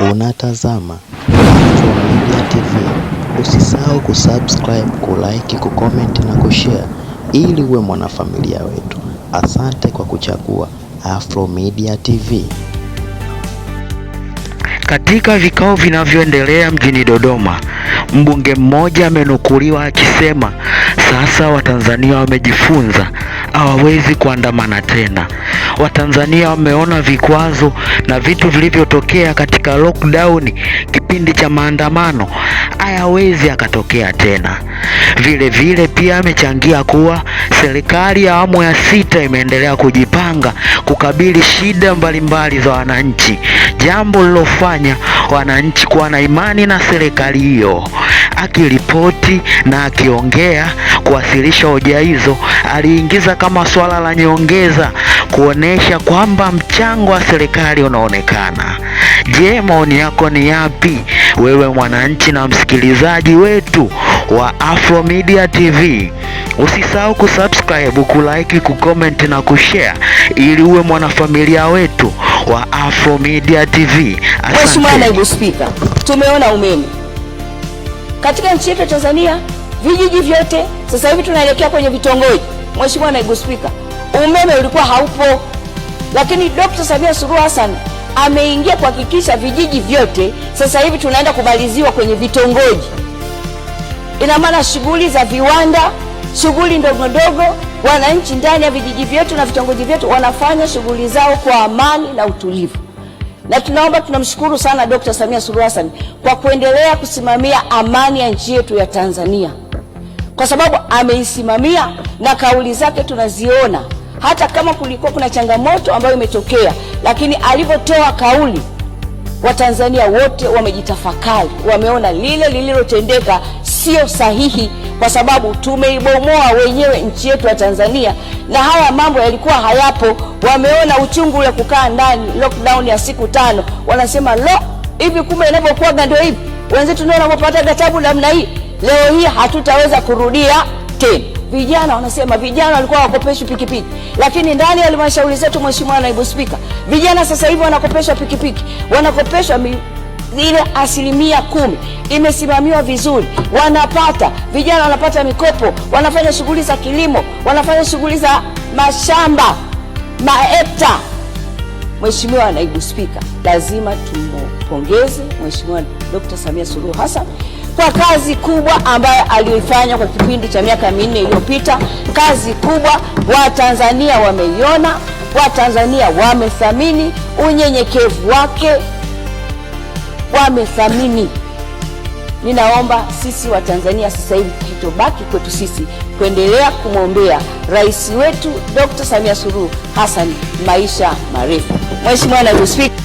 unatazama Natural Media TV. Usisahau kusubscribe, kulike, kucomment na kushare ili uwe mwanafamilia wetu. Asante kwa kuchagua Afro Media TV. Katika vikao vinavyoendelea mjini Dodoma, mbunge mmoja amenukuliwa akisema sasa Watanzania wamejifunza, hawawezi kuandamana tena. Watanzania wameona vikwazo na vitu vilivyotokea katika lockdown kipindi cha maandamano hayawezi akatokea tena. Vile vile pia amechangia kuwa serikali ya awamu ya sita imeendelea kujipanga kukabili shida mbalimbali mbali za wananchi jambo lilofanya wananchi kuwa na imani na serikali hiyo. Akiripoti na akiongea kuwasilisha hoja hizo, aliingiza kama swala la nyongeza kuonesha kwamba mchango wa serikali unaonekana. Je, maoni yako ni yapi wewe mwananchi na msikilizaji wetu wa Afro Media TV? Usisahau kusubscribe, kulike, kucomment na kushare ili uwe mwanafamilia wetu wa Afro Media TV. Mheshimiwa Naibu Spika, tumeona umeme katika nchi yetu ya Tanzania vijiji vyote, sasa hivi tunaelekea kwenye vitongoji. Mheshimiwa Naibu Spika, umeme ulikuwa haupo, lakini Dr. Samia Suluhu Hassan ameingia kuhakikisha vijiji vyote sasa hivi tunaenda kumaliziwa kwenye vitongoji. Ina maana shughuli za viwanda, shughuli ndogo ndogo wananchi ndani ya vijiji vyetu na vitongoji vyetu wanafanya shughuli zao kwa amani na utulivu, na tunaomba tunamshukuru sana Dr. Samia Suluhu Hassan kwa kuendelea kusimamia amani ya nchi yetu ya Tanzania, kwa sababu ameisimamia na kauli zake tunaziona, hata kama kulikuwa kuna changamoto ambayo imetokea, lakini alivyotoa kauli Watanzania wote wamejitafakari, wameona lile lililotendeka sio sahihi, kwa sababu tumeibomoa wenyewe nchi yetu ya Tanzania, na haya mambo yalikuwa hayapo. Wameona uchungu ule kukaa ndani, lockdown ya siku tano, wanasema lo, hivi kumbe inavyokuwaga ndio hivi. Wenzetu ndio wanapopata tabu namna hii. Leo hii hatutaweza kurudia tena. Vijana wanasema vijana walikuwa wakopeshwi pikipiki, lakini ndani ya halmashauri zetu, Mheshimiwa Naibu Spika, vijana sasa hivi wanakopeshwa pikipiki, wanakopeshwa ile asilimia kumi imesimamiwa vizuri, wanapata vijana, wanapata mikopo, wanafanya shughuli za kilimo, wanafanya shughuli za mashamba maekta. Mheshimiwa Naibu Spika, lazima tumpongeze Mheshimiwa Dkt. Samia Suluhu Hassan kwa kazi kubwa ambayo aliyoifanya kwa kipindi cha miaka minne iliyopita. Kazi kubwa Watanzania wameiona, Watanzania wamethamini unyenyekevu wake, wamethamini Ninaomba sisi Watanzania sasa hivi kitobaki kwetu sisi kuendelea kumwombea rais wetu Dr. Samia Suluhu Hassan maisha marefu. Mheshimiwa Naibu Spika.